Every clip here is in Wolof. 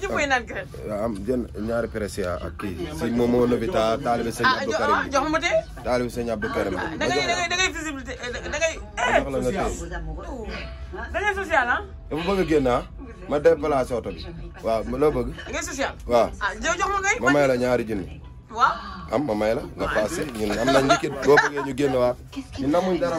yëpp koy naan crème. Ah, am jën ñaari pressia ak kii si Momo Novita ah, ah, taalibe sëñ Abdou Karim. ah jox ma tey. taalibe sëñ Abdou Karim. da ngay da ngay visibilité eh, da ngay. Eh. da ma déplacé bi. waaw ma la ñaari junni. am ma may la nga passé ñun am na njëkk boo bëggee ñu génn waat ñu namuñ dara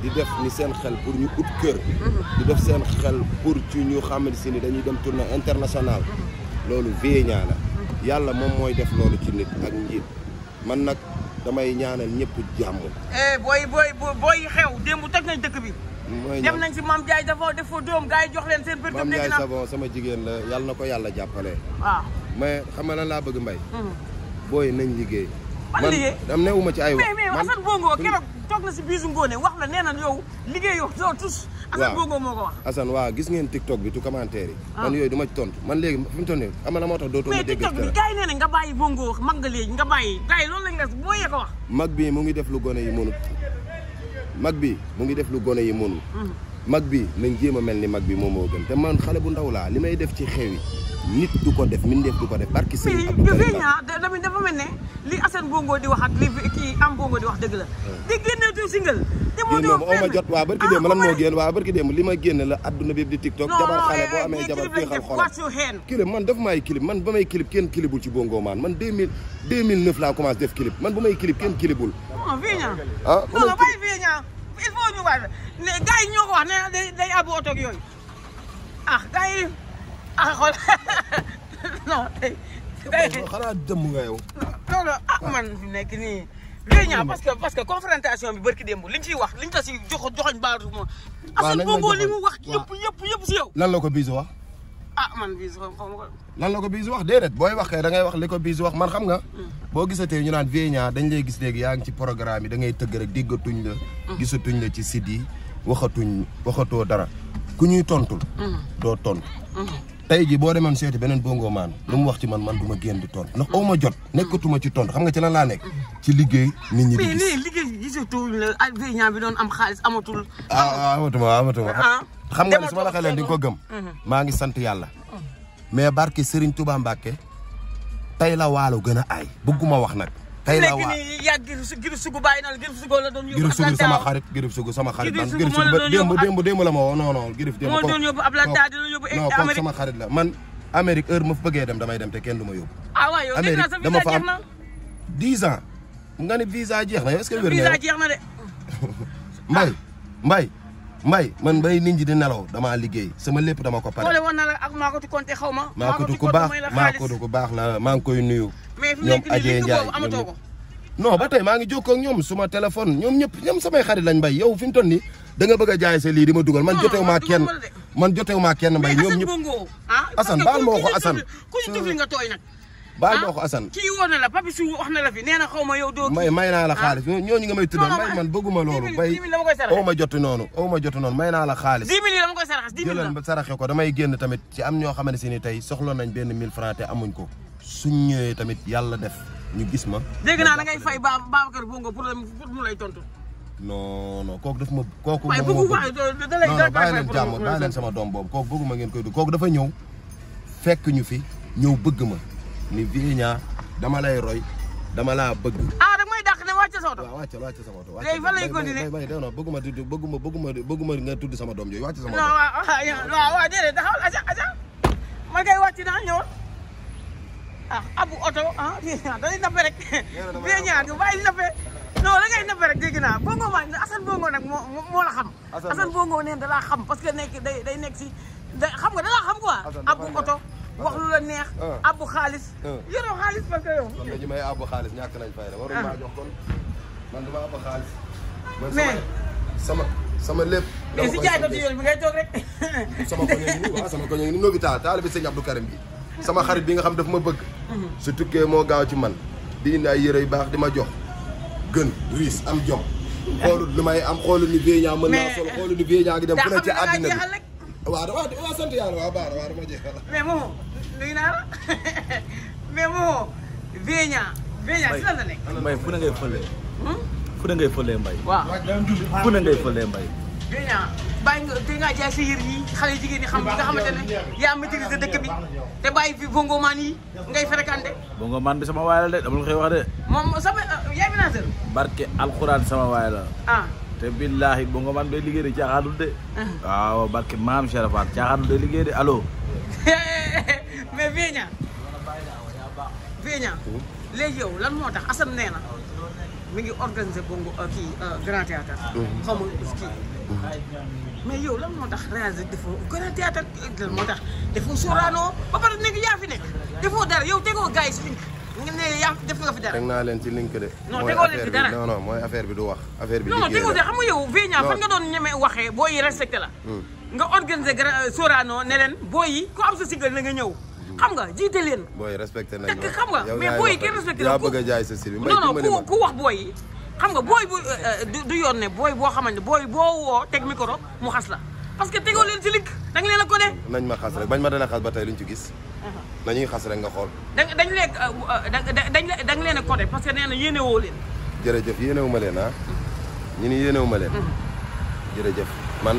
di def ni seen xel pour ñu ut kër. Mhm. di def seen xel pour ci ñu xamante si ni dañuy dem tournée internationale mhm. loolu VNA la mhm. yàlla moom mooy def loolu ci nit ak njiit man nag damay ñaanal ñëpp jàmm. Eh, booy booy booy xew démb toj nañ dëkk bi. mooy dem nañ si maam Ndiaye def fa doom gars yi jox leen seen. bët maam Ndiaye sama jigéen la na ko yàlla jàppale. waaw ah. mais xam bëgg mbay. booy nañ liggéey. man liggéey am ci ay wax mais mais Assane Bongo keroog toog nee na yow liggéey yow gis ngeen TikTok bi tu commentaire yi ah. man yooyu du ma ci man léegi fi mu am na moo tax dootoo ma dégg TikTok bi gars yi nee na nga bàyyi Bongo mag nga léegi nga bàyyi gars yi loolu lañ des boo yee wax mag bi mu ngi def lu gone yi mënut mag bi mu ngi def lu gone yi mënut mm-hmm. mag bi nañ jéem a mel ni mag bi moom moo gën te man xale bu ndaw laa li may def ci xew yi nit du ko def min def du ko def barki sëriñ Abdou Karim tamit dafa mel ne li Assane Bongo di wax ak li kii am Bongo di wax dëgg la di génneetu single génn ma jot waa barki ah, démb lan moo génn waa barki démb li ma génn la adduna bi yëpp di tiktok jabar xale boo amee jabar féexal xolam clip man daf maay clip man ba may clip kenn clipul ci Bongo maan man 2000 2009 laa commencé def clip man bu may clip kenn clipul ah il faut ñu war ne gars yi ñoo ko wax ne day day abu oto ak yooyu ah gars yi ah tey. xanaa dem nga yow. non ah man fi nekk nii. réunion parce que parce que confrontation bi barki démb liñ ciy wax liñ ta si jox joxoñ baatu moom. waaw lañ la joxoon Assane Bongo li wax yëpp yëpp yëpp si yow. lan la ko Bijou ah man biisu xaw ma ko. lan la ko biisu wax déedéet booy wax kay da ngay wax li biis wax man xam nga. Hmm. boo gisatee ñu naan Vieux dañ lay gis léegi yaa ngi ci programme yi da ngay tëgg rek déggatuñ la. Hmm. gisatuñ la ci site yi waxatuñ waxatoo dara ku ñuy tontul. Hmm. doo tontu. tey jii boo demoon seeti beneen bongo maan lu mu wax ci man man du ma génn di tontu ndax aw ma jot nekkatuma ci tontu xam nga ci lan laa nekk ci liggéey nit ñi di gis mais liggéey gisatuñ la ak Vieux bi doon am xaalis amatul. ah, ah amatuma amatuma. Ah. xam nga ne su ma la xeleen di ko gëm mhm. maa ngi sant yàlla mais barke sëriñ Touba Mbacke tey la waalo gën a aay bëgguma wax nag tey la waa yàgg girib sugu sama xarit girib sugu sama xarit man girib sugu démb démb démb la ma woo moo doon yóbbu Ablata di sama xarit la man Amérique heure ma fa bëggee dem damay dem te kenn du ma yóbbu ah waaw yow am dix ans nga ne visa jeex na yow est-ce que wér na visa jeex na de Mbaye Mbaye mbay man bay nit ñi di nelaw damaa liggéey sama lépp dama ko pare. boole woon na la ak Makotu Konte xaw ma. Makotu ku baax Makotu ku baax la maa ngi koy nuyu. ñoom Adjé Ndiaye amatoo ko. non ba tey maa ngi jokkoo ak ñoom suma téléphone ñoom ñëpp ñoom samay xarit lañ mbay yow fi mu toll nii da bëgg a jaay sa lii di ma dugal man jote maa kenn man jotewu maa kenn mbay ñoom ñëpp ah, Assane baal ma waxo Assane ku ñu jëfli nga tooy baal ma wax Assane kii woon su wax na la fi nee na xaw ma yow doo may may naa la ah? xaalis ñooñu nga may tuddal may man bëgguma loolu bay aw ma jotu noonu aw ma jotu noonu may naa la xaalis dix mille dama koy sarax dix saraxe ko damay génn tamit ci am ñoo xamante ne tey soxla nañ benn mille francs te amuñ ko suñ ñëwee tamit yàlla def ñu gis ma dégg naa da ngay fay ba Babacar Bongo pour mu lay tontu non kooku daf ma kooku bàyyi leen leen sama doom boobu kooku bëgguma ngeen koy du kooku dafa ñëw fekk ñu fi ñëw bëgg ma ni Viegna dama lay roy dama la bëgg. ah da may dàq ne wacce sama oto. wacce wacce wàccal sama oto. day fa lay continuer bay bay bay bëgguma tudd bëgguma bëgguma bëgguma nga tudd sama dom joy wacce sama oto. wa wa ya, wa dede da taxawal aja aja ma ngay wacce naa ñëwal ah abu auto ah da lay nappe rek. Viegna du bay nappe. no la ngay nappe rek dégg naa bongo ma asan bongo nak mo la xam. asan bongo ne da la xam parce que nek day nek si xam nga da la xam quoi. abu auto wax lu la neex. abbu ah. xaalis. Ah. yoroo xaalis parce que yow. kon nag ñu may abbu xaalis ñàkk nañ fay rek waroon ah. maa jox kon man dama abbu xaalis. mais sama sama lépp. dama mais si jaaykatu yoon bi ngay toog rek. sama koñ a ngi nii waaw sama koñ a ngi nii Nobita taalibi sëñ Abdou Karim bi sama xarit bi nga xam daf ma bëgg. Mhm. su tukkee moo gaaw ci man di indi ay yére yu baax di ma jox gën riis am jom. xoolul lu may am xoolul ni vieille ñaa mën naa sol xoolul ni vieille ñaa ngi dem fu ne ci àddina bi waaw waaw sant yàlla waaw baax na waaw dama jeexal mais moom nuyu naa la mais moo Veña Veña si lan la nekk. Mbaye fu ne ngay fëlee. Hmm? fu ne ngay fëlee Mbaye. waaw fu ne ngay fëlee Mbaye. Veña bàyyi nga te ngaa jaay sa yër yi xale jigéen ñi xam nga xamante ne yaa maîtrise dëkk bi te bàyyi fi bongoman yi ngay fréquenté. bongoman bi sama waay la de dama la koy wax de. moom sama euh, yaay manager. barke alxuraan sama waay la. ah. te billaahi bu nga liggéey de caaxaanul de. Ah. waaw barke maam Charafaat caaxaanul day liggéey de allo. mais Viña. Viña hmm? léegi yow lan moo tax Assane nee na mu ngi organiser bongo euh, kii euh, grand théâtre. Hmm. Hmm. mais yow lan moo tax réaliser defoo grand théâtre tax defoo Sorano ba pare nekk yaa fi nekk defoo dara yow tegoo gars yi si link nga ne yaa def nga fi dara. teg naa leen ci link de. non tegoo leen fi dara mooy affaire bi du wax. affaire bi liggéey la non tegoo de xam nga yow Viña fan nga doon ñeme waxee booy yi la. nga organiser grand euh, Sorano ne leen booy yi am sa sigal na nga ñëw. xam nga jiite leen. booy respecté nañ ma xam nga bëgg a jaay sa si bi non non ku wax booy yi xam nga booy bu euh, du yoon ne booy boo xamante booy boo woo teg micro mu xas la parce que tegoo leen si ligg da leen a ko dee. nañ ma xas rek bañ ma dana xas ba tey luñ ci gis. Uh-huh. nañuy xas rek nga xool. Euh, euh, dañ leen dañ leen a ko dee parce que nee na yéene woo leen. jërëjëf yéenewu ma leen ah. Uh-huh. ñu ni yéenewu ma uh-huh. jërëjëf man.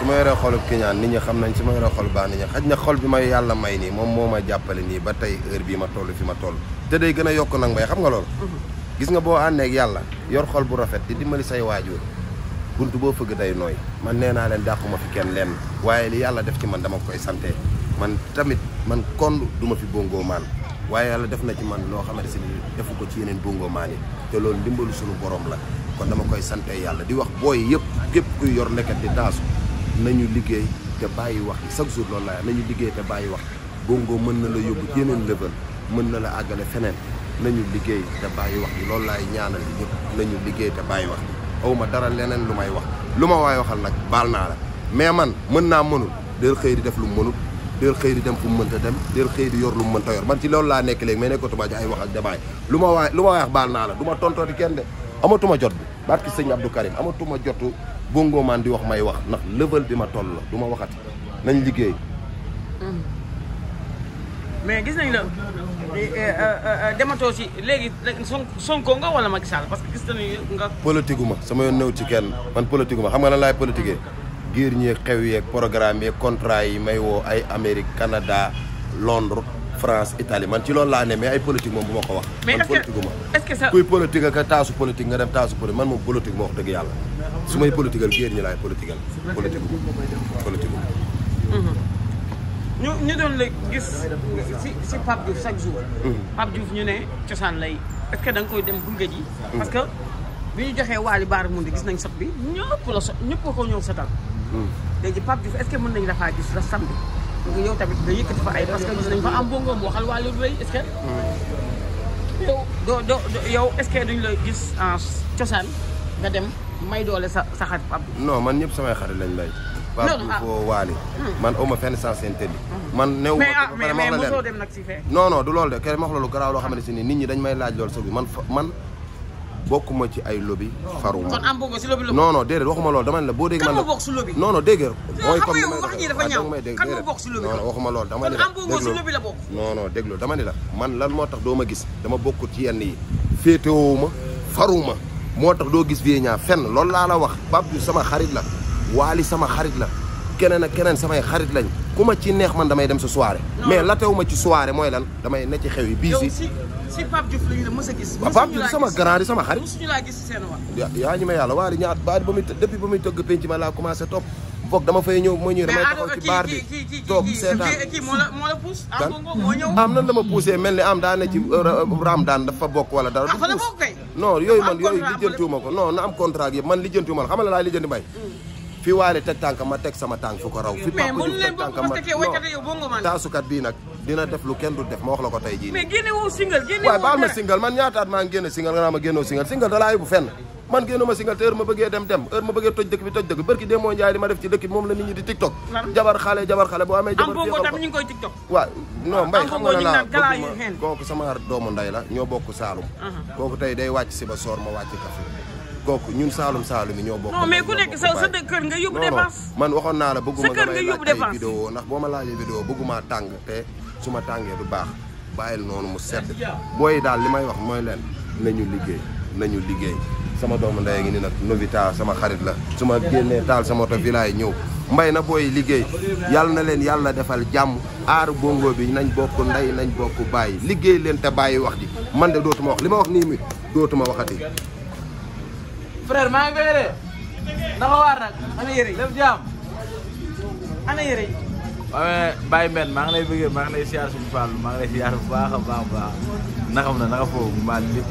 suma ma yoree xolub kiñaan nit ñi xam nañ suma yoree xol baax nit ñi xaj na xol bi may yàlla may nii moom moo ma jàppale nii ba tey heure bii ma toll fi ma toll te day gën a yokk nag mbay xam nga loolu mhm. gis nga boo àndee ak yàlla yor xol bu rafet di dimbali say waajur bunt boo fëgg day nooy man nee naa leen dàquma fi kenn lenn waaye li yàlla def ci man dama koy sante man tamit man kon duma fi bongo maan waaye yàlla def na ci man loo xamante ni defu ko ci yeneen bongo maan yi te loolu dimbalu sunu borom la kon dama koy sante yàlla di wax booy yëpp képp kuy yor nekkat di taasu nañu liggéey te bàyyi wax chaque jour loolu laa nañu liggéey te bàyyi wax Bongo mën na la yóbbu yeneen level mën na la àggale feneen nañu liggéey te bàyyi wax bi loolu laay ñaanal ñëpp nañu liggéey te bàyyi wax aw ma dara leneen lu may wax lu ma waay waxal nag baal naa la mais man mën naa mënul del xëy di def lu mënul del xëy di dem fu mu mënta dem del xëy di yor lu mu mënta yor man ci loolu laa nekk léegi mais nekkatuma ci ay wax ak jabaay lu ma waay lu ma waay wax baal naa la du ma tontooti kenn de amatuma jot bi barki sëñ Abdou Karim amatuma jotu bongo man di wax may wax ndax level bi ma toll la du ma waxati nañ liggéey. mais gis nañ la eh, eh, eh, dematoo ci léegi Sonko nga wala ma Sall parce que gis nañu nga. politique ma sama yoon néew ci kenn man politique ma xam nga lan laay politiquer giir ñeeg xew yeeg programme yeeg contrat yi may woo ay Amérique Canada Londres. France Italie man ci loolu laa ne mais ay politique moom bu ma ko wax. man politique gu ma est-ce que ça kuy politique ak taasu politique nga dem taasu politique man moom politique wax dëgg yàlla su may politique ak géer ñi laay politique ak politique politique mm-hmm. ñu ñu doon la gis si si Pape Diouf chaque jour. Mm-hmm. ñu ne cosaan lay est que da koy dem gunge ji. Mm-hmm. parce que bi ñu joxee Waly Baara Moundé gis nañ sot bi ñëpp la so ñëpp ko ñëw setal. léegi Pape Diouf est-ce que mën nañ la faa gis la samedi. nga yow tamit nga yëkkati fa ay parce que gis nañ fa am bongoom waxal waa lu rëy est-ce yow doo doo yow est-ce que gis en cosaan nga dem may doole sa sa xarit ab. non man ñëpp samay xarit lañ lay. loolu ah Pape Waly hmm. man aw hmm. ma ah, fenn sens interdit. man néew ma ko mais mais mosoo dem nag si ñi dañ may laaj loolu sëñ man man. bokkuma ci ay lobi faruma kon am bokk si lobby déedéet waxuma loolu dama ne la boo dégg man la bokk si lobby non non dégg ah, mooy comme wax ñi dafa ñaaw ah, loolu dama ne la kon am bokk si dama ne la man lan moo tax doo ma gis dama bokkul ci yenn yi féetewuma faruma moo tax doo gis vie ñaa fenn loolu laa la wax Pape Diouf sama xarit la Waly sama xarit la keneen ak keneen samay xarit lañ ku ma ci neex man damay dem sa soirée mais la teew ci soirée mooy lan damay ne ci xew yi bii si si Pape Diouf a gis. Pape Diouf sama grand sama xarit. mosuñu laa gis si ma yàlla waa di ñaar baal ba muy depuis ba muy tëgg penc ma laa commencé topp boog dama fay ñëw mooy ñëw damay taxaw ci baar toog seetaan kii moo la moo ah, am nan la ma poussé mel ni am daane ne ci euh, euh, ram daan dafa bokk wala dara dafa ah, bokk non yooyu man yooyu lijjantiwuma ko non na contrat yëpp man lijjantiwuma la xamal la laa lijjanti mbay mm. fi waale teg tànk ma teg sama tànk fu ko raw fi Pape bii nag dina def lu kenn ma wax la ko tey jii. mais génne woo single génne baal ma single man ñaata at maa ngi génne single nga naa ma génnoo single single da laa man génn ma te heure ma bëggee dem dem heure ma bëggee toj dëkk bi toj dëkk barki démoo Njaay li ma def ci dëkk bi moom la nit ñi di tiktok jabar xale jabar xale boo amee jabar am bongo tam ñu ngi koy tiktok waaw non mbay kooku sama doomu nday la ñoo bokk Saalum kooku tey day wàcc si ba soor ma wàcc kafe kooku ñun Saalum Saalum yi ñoo bokk non mais ku nekk sa sa kër nga yóbbu naa la bëgguma nga may laaj vidéo ndax boo ma laajee vidéo bëgguma su ma tàngee du baax bàyyil noonu mu sedd booy daal li may wax mooy leen nañu liggéey nañu liggéey sama doomu ndey ngi ni nag Novita sama xarit la su ma génnee taal sama oto ñëw mbay na booy liggéey yàlla na leen yàlla defal jàmm aar bongo bi nañ bokk ndey nañ bokk bàyyi liggéey leen te bàyyi wax ji man de dootuma wax li ma wax nii mi dootuma waxati. frère maa ngi koy yore. naka waaye Baye Mbène maa ngi lay bëggee maa ngi lay siyaar suñu Fall maa ngi lay siyaar bu baax a baax a baax naxam na naka foofu mbaa lépp